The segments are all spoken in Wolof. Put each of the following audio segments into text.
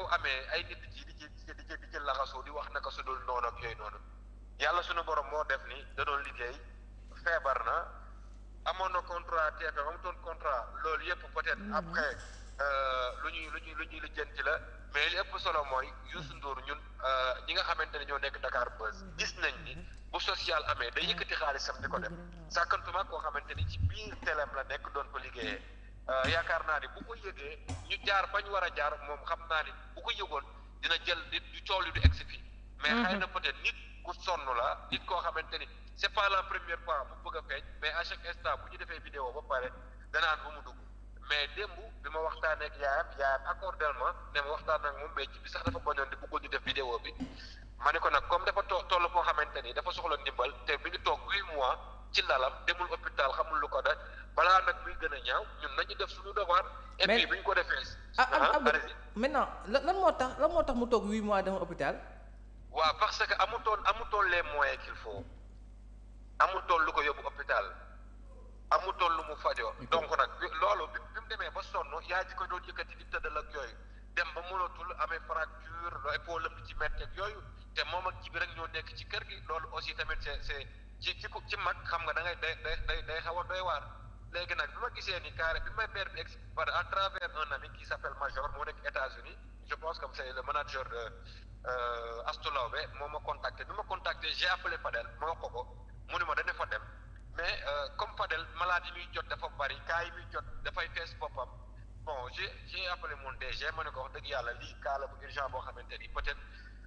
coow amee ay nit ci di ci di di wax naka su dul noonu ak yooyu noonu yàlla suñu borom moo def ni da liggéey feebar na amoon na contrat TFM amutoon contrat loolu yëpp peut-être mm-hmm. après euh, lu ñuy lu ñuy lu ñuy ci la mais li ëpp solo mooy Youssou Ndour ñun euh, ñi nga xamante ne ñoo nekk Dakar Buzz mm-hmm. gis nañ ni bu social amee day yëkkati xaalisam di ko def mm-hmm. sàkkantuma koo xamante ni ci biir teleem la nekk doon ko liggéeyee Euh, yaakaar naa ne bu ko yëgee ñu jaar fañ war a jaar moom xam naa ne bu ko yëgoon dina jël di du coow li du egsi fii mais xëy na mhm. peut-être nit ku sonn la nit koo xamante ni c'est pas la première fois mu bëgg a feeñ mais à chaque instant bu ñu defee vidéo ba pare danaan bu mu dugg mais démb bi ma waxtaanee ak yaayam yaayam accordel ma ne ma waxtaan ak moom mais bi sax dafa bañoon di bëggoon ñu def vidéo bi ma ne ko nag comme dafa toll koo xamante ni dafa soxla ndimbal bi ngi toog huit mois ci lalam demul hôpital xamul lu ko da balaa nag muy gën a ñaaw ñun nañu def suñu devoir. et puis bu ñu ko defee. a am ah, ah, ah, maintenant lan moo tax lan moo tax mu toog huit mois dem hôpital. waaw parce que amutoon amutoon les moyens qu'il faut amutoon lu ko yóbbu hôpital amutoon lu mu fajoo. donc nag loolu bi bi mu demee ba sonn yaa ji ko doon yëkkati di tëddal ak yooyu dem ba mënatul amee fracture épaule am ci métti yooyu te moom ak ji bi rek ñoo nekk ci kër gi loolu aussi tamit c'est c'est ci ci ci mag xam nga da ngay day day day xaw a waar léegi nag bi ma gisee ni carré bi may père bi expliqué par à travers un ami qui s' Major moo nekk États-Unis je pense que c' est le manager de euh, Astou Laobé moo ma contacté bi ma contacté j'ai appelé Fadel ma wax ko ko mu ne ma dana fa dem mais euh, comme Fadel malade yi jot dafa bari cas yi muy jot dafay fees boppam bon j'ai j'ai appelé mon DG ma ne ko wax yàlla lii cas la bu urgent boo xamante ni peut-être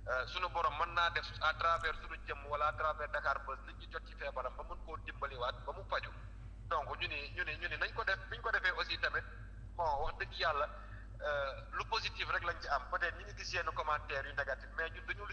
Euh, sunu borom mën naa def à travers sunu jëm wala à travers Dakar Buzz nit ñi jot ci feebaram ba mën koo dimbaliwaat ba mu faju donc ñu ni ñu ni ñu ni nañ ko def bi ñu ko defee aussi tamit bon wax dëgg yàlla euh, lu positif rek lañ ci am peut-être ñu ngi gis yenn commentaires yu négatif mais ñun dañu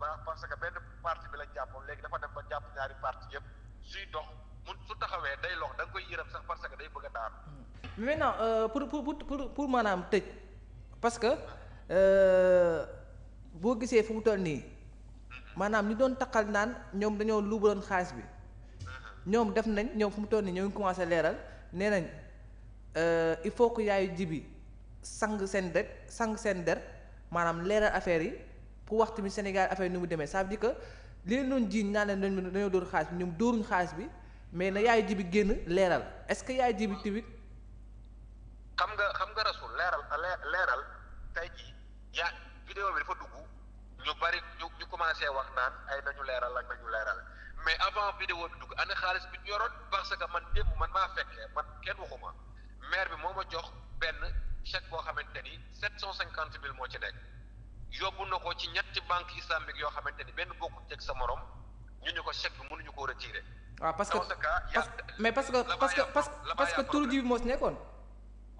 baax parce que benn parti bi lañ jàppoon léegi dafa dem ba jàpp ñaari parti yëpp suy dox mun su taxawee day lox da koy yërëm sax parce que day bëgg a daanu. Hmm. Euh, pour pour maanaam tëj parce que euh, boo gisee fu mu toll nii hmm. maanaam ñu doon taqal naan ñoom dañoo luubaloon xaalis bi hmm. ñoom def nañ ñoom fu mu toll nii ñoo ngi commencé leeral nee nañ euh, il faut que yaayu jibi sang seen der sang seen der maanaam leeral affaire yi. pour wax tamit Sénégal affaire nu mu demee ça di que li leen doon jiiñ naan leen dañoo dóor xaalis bi ñoom dóoruñ xaalis bi mais na yaay ji bi génn leeral est-ce que yaay ji bi xam nga xam nga rasul leeral leeral tey jii yaa vidéo bi dafa dugg ñu bari ñu ñu commencé wax naan ay nañu leeral ak nañu leeral mais avant vidéo bi dugg ana xaalis bi ñu yoroon parce que man démb man maa fekkee man kenn waxuma maire bi moo ma jox benn chèque boo xamante ni sept cent cinquante mille moo ci nekk. yóbbu na ko ci ñetti banque islamique yoo xamante ni benn bokkut teg sa morom ñu ne ko chèque bi mënuñu koo retiré. waaw ah, parce que mais parce que parce que parce que turu jibril moo ci nekkoon.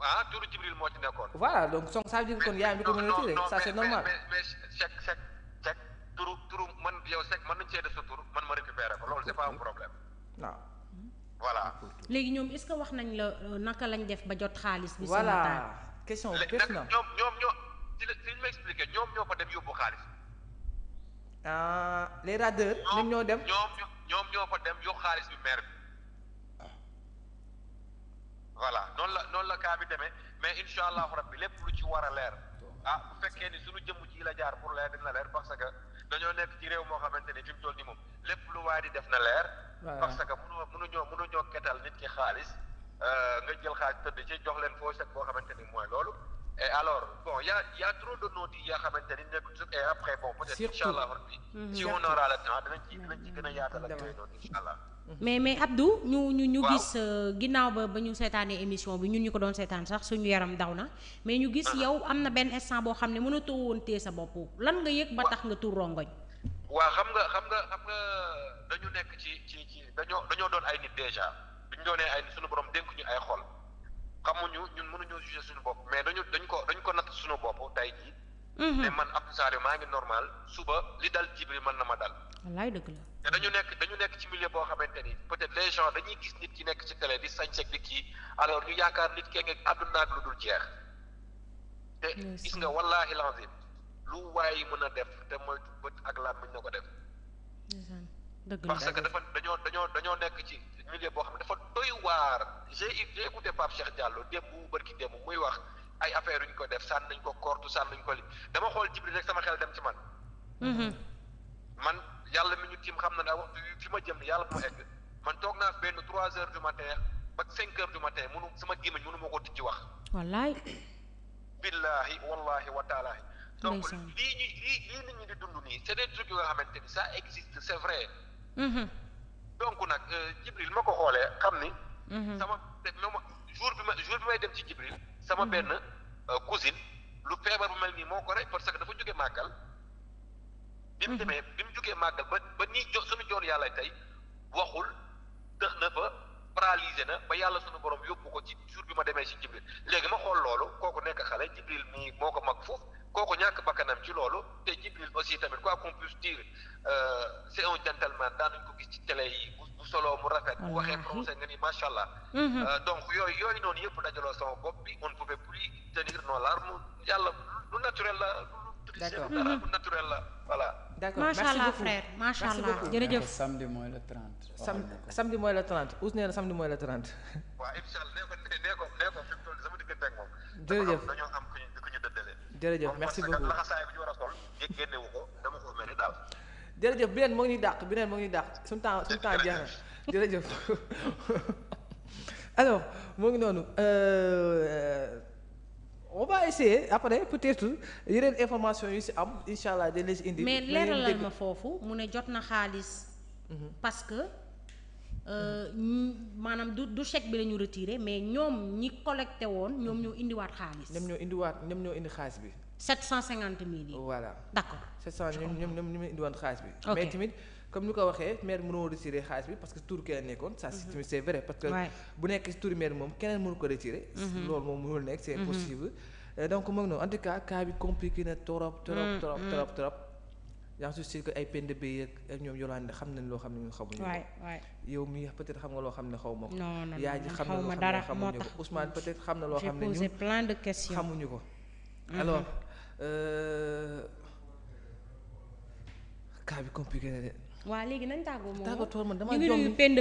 ah turu jibril moo ci nekkoon. voilà donc soo ça veut a retiré ça c'est normal. mais mais chèque chèque chèque man yow chèque mën nañu cee def sa tur man ma récupéré ko loolu c'est pas un problème. waaw. voilà. léegi ñoom est que wax nañ la euh, naka lañ def ba jot xaalis. bi si voilà question personnelle ñoom ñoom ci la ci ñu ma expliqué ñoom ñoo fa dem yóbbu xaalis. ah les radeurs. ñoom ñoo dem ñoom ñoom ñoo fa dem yóbbu xaalis bi maire bi. voilà noonu la noonu la kaa bi demee mais incha allahu bi lépp lu ci war a leer. ah bu fekkee ni suñu jëmm jii la jaar pour leer dina leer parce dañoo nekk ci réew moo xamante ni fi mu toll nii moom lépp lu waay di def na leer. parce que mënu mënuñoo mënuñoo ketal nit ki xaalis euh, nga jël xaalis tëdd ci jox leen foo set boo xamante ni mooy loolu. et a a trop de non xamante ni nekkul et après bon peut-être incha allah mhm. a yaatal ak yooyu noonu incha mhm. mais mais Abdou ñu ñu ñu gis euh, ginnaaw ba ba ñu seetaanee émission bi ñun ñu ko doon seetaan sax suñu yaram daw na mais ñu gis ah. yow am na benn instant boo xam ne mënatoo woon téye sa bopp lan nga yëg ba tax nga tur rongoñ. waa xam nga xam nga xam nga dañu nekk ci ci ci dañoo dañoo doon ay nit déjà bi ñu doonee ay suñu borom dénk ñu ay xol. xamuñu ñun mënuñoo jugé suñu bopp mais dañu dañ ko dañ ko natt suñu bopp tey jii. Mhm. ne man Abdou Sadio maa ngi normal suba li dal Djibril mën na ma dal. wallaay dëgg la. te dañu nekk dañu nekk ci milieu boo xamante ni peut-être les gens dañuy gis nit ci nekk ci télé di sañseeg di kii alors ñu yaakaar nit kee ngeeg àdduna ak lu dul jeex. te gis nga wallaahi lanzim lu waay mën a def te moytu bët ak laam ñu na ko def. dëgg parce que dafa dañoo dañoo dañoo nekk ci milieu boo xam ne dafa doy waar j'ai j'ai écouté Pape Cheikh Diallo démb bu bërki démb muy wax ay affaire yu ñu ko def sànn nañ ko kortu sànn nañ ko li dama xool Jibril rek sama xel dem ci man mhm. man yàlla mi ñu tiim xam na daa waxtu fi ma jëm yàlla bu ma egg man toog naa benn trois heures du matin ba cinq heures du matin mënu sama gémmiñ mënu ma ko ci wax wallaay billahi wallahi wa taalahi donc lii ñu lii lii nit ñi dund nii c'est des trucs yoo xamante ni ça existe c'est vrai Mm-hmm. donc nag euh, Jibril ma ko xoolee xam ni. Mm-hmm. sama jour bi ma jour bi may dem ci Jibril sama mm-hmm. benn euh, cousine lu feebar bu mel nii moo ko rey parce que dafa jógee màggal. bi mu demee bi mu jógee màggal ba ba nii jo suñu joor yàlla tey waxul dëx na fa paralysé na ba yàlla suñu borom yóbbu ko ci jour bi ma demee ci Jibril léegi ma xool loolu kooku nekk xale Jibril mii moo ko mag foofu. kooku ñàkk bakkanam ci loolu te Jibril aussi tamit quoi qu'on puisse dire euh, c'est un gentleman daanuñ ko gis ci télé yi bu soloo mu rafet bu waxee français nga ni macha allah mm-hmm. euh, donc yooyu yooyu noonu yëpp dajaloo sama bopp bi on ne pouvait plus tenir nos larmes yàlla lu naturel la d'accord dara bu mm-hmm. naturel la voilà d'accord macha allah frère macha allah jërëjëf samedi mooy le 30 samedi samedi mooy le 30 Ousse nee na samedi mooy le 30 waaw incha allah nee ko nee ko nee ko fi jërëjëf merci beaucoup kon bi ñu moo ngi ñuy dàq beneen moo ngi dàq suñ temps suñu temps jeex na jërëjëf ngi noonu. Euh, on va essayer après information yu si am incha allah dinañ si indi. mais leeralal ma foofu mu ne jot na xaalis. Mhm. parce Euh, maanaam du du chèque bi la ñu mais ñoom ñi collecté woon ñoom ñoo indiwaat xaalis. ñoom ñoo indiwaat ñoom ñoo d' accord. 700 ñoom ñoom ñoom indiwaat xaalis bi. mais tamit comme ni ko waxee maire mënoo retiré xaalis bi parce que tur keneen nekkoon. ça c' est mhm. c' est parce que. bu nekk si tur maire moom keneen mënu ko retiré. Mhm. loolu moom mënul nekk c' est mhm. impossible. Euh, donc moom noonu en tout cas bi compliqué na trop. trop trop trop yaa ngi si que ay pend bi ak ñoom Yolande xam nañ loo xam ne ñun xamuñu ko. waay waay yow mii peut xam nga loo xam ne xaw ma ko. non non xam na loo xam ne xamuñu ko Ousmane peut-être xam na loo xam ne. j'ai posé plein de ko. Mhm. alors euh, cas bi compliqué léegi nañ tàggoo moom tàggatoo man damaa ñu ngi nuyu pend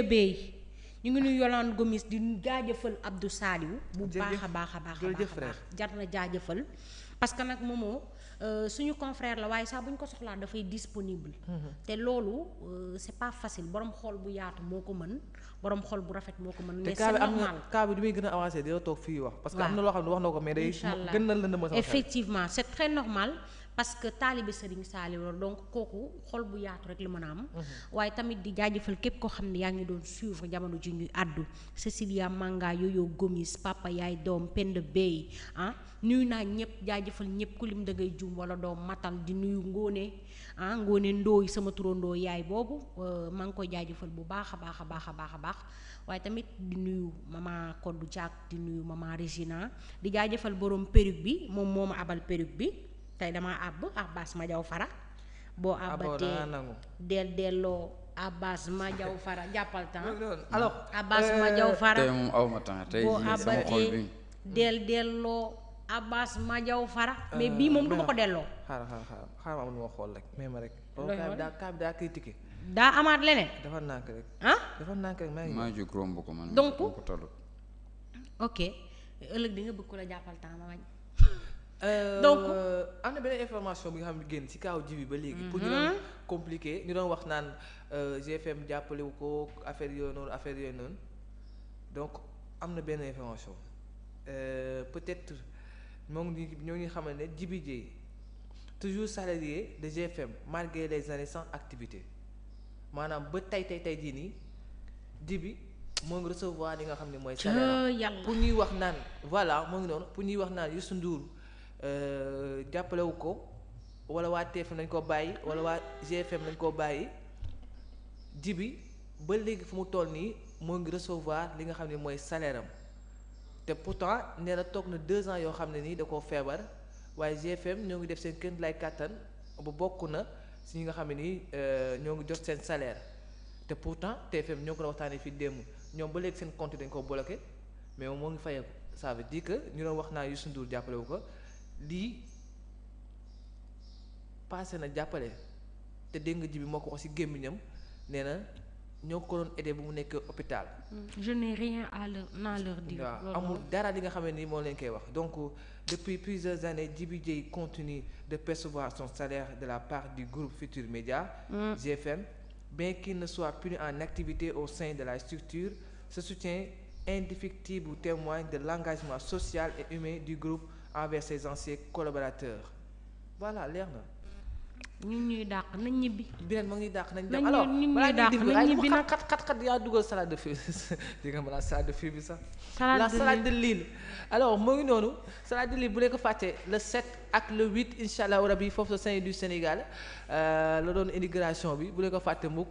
ñu ngi nuyu Yolande Gomis di jaajëfal Abdou Saliou bu baax a baax a baax a baax jar na jaajëfal parce que nag moomoo Euh, suñu confrère la waaye saa bu ñu ko soxlaa dafay disponible mhm. te loolu euh, c'est pas facile borom xool bu yaatu moo ko mën borom xol bu rafet moo ko mën mais c'est du muy gën a avancé dina toog fii wax parce que am na loo xam ne wax na ko mais day gën na lëndëmal effectivement c'est très normal parce que taalibe Serigne Saliou donc kooku xol bu yaatu rek la mën a am. Mhm. waaye tamit di jaajëfal képp koo xam ne yaa ngi doon suivre jamono ji ñuy àddu Cecilia Manga Yoyo Gomis papa yaay doom Penda Bey ah nuyu naa ñëpp jaajëfal ñëpp ku lim da ngay wala doom matal di nuyu Ngone ah Ngone Ndooy sama turandoo yaay boobu euh, maa ngi koy jaajëfal bu baax a baax a baax a baax a baax waaye tamit di nuyu maman Kodou Diak di nuyu maman di jaajëfal borom perruque bi moom moo ma abal perruque bi. tey damaa àbb Abbas ma jaw fara boo àbbatee del delloo Abbas ma jaw fara jàppal temps alors Abbas ma jaw fara mais bii moom du ko delloo xaaral xaaral xaaral ma am lu xool rek mais ma rek daa kaa bi daa critiqué daa amaat leneen ko man ok ëllëg di nga bëgg ko la jàppal temps ma wañ Euh, donc am na beneen information bi nga xam ne génn ci kaw ji ba léegi. pour ñu doon mhm. compliqué ñu doon wax naan euh, GFM jàppalewu wu ko affaire yooyu noonu affaire yooyu noonu donc am na benn information euh, peut-être moo ñoo ngi xamal ne Djiby Dièye toujours salarié de GFM malgré les années sans activité maanaam ba tey tey tey jii nii Djiby moo ngi recevoir li nga xam ne mooy. salaire pour ñuy wax naan voilà moo ngi noonu pour ñuy wax naan Youssou Ndour. Euh, jàppalewu ko wala waa TFM lañ koo bàyyi wala waa GFM lañ koo bàyyi ji ba léegi fu mu tool nii moo ngi recevoir li nga xam ne mooy saleeram te pourtant nee na toog na deux ans yoo xam ne nii da koo feebar waaye GFM ñoo ngi def seen kër lay kàttan bu bokk na si ñi nga xam ne nii euh, ñoo ngi jot seen salaire te pourtant TFM ñoo ko doon waxtaanee fii démm ñoom ba léegi seen compte dañ koo bloqué mais moo ngi fayeeku ça veut ñu doon wax naa Youssou Ndour jàppalewu ko. lii passé na jàppale te dégg nga ji bi moo ko wax ci gémmiñam nee na ñoo ko doon aidé bu mu nekk hôpital. Mm. je n'ai rien à leur à leur dire. amul dara li nga xam ne nii moo leen koy wax donc depuis plusieurs années Djiby Dieye continue de percevoir son salaire de la part du groupe Futurs Médias. Mm. GFM bien qu'il ne soit plus en activité au sein de la structure ce soutien indéfectible témoigne de l'engagement social et humain du groupe. envers ses anciens collaborateurs voilà leer na. ñun ñuy dàq nañ ñibbi. beneen ma ngi dàq nañ dem alors balaa ñuy dàq nañ ñibbi nag xat xat xat yaa dugal salade de fruits de fruits bi sax. la de lille alors moo ngi noonu salade de lille bu leen ko fàttee le 7 ak le 8 incha allah rabi foofu sa Saint-Louis du euh, la doon intégration bi bu leen ko fàtte mukk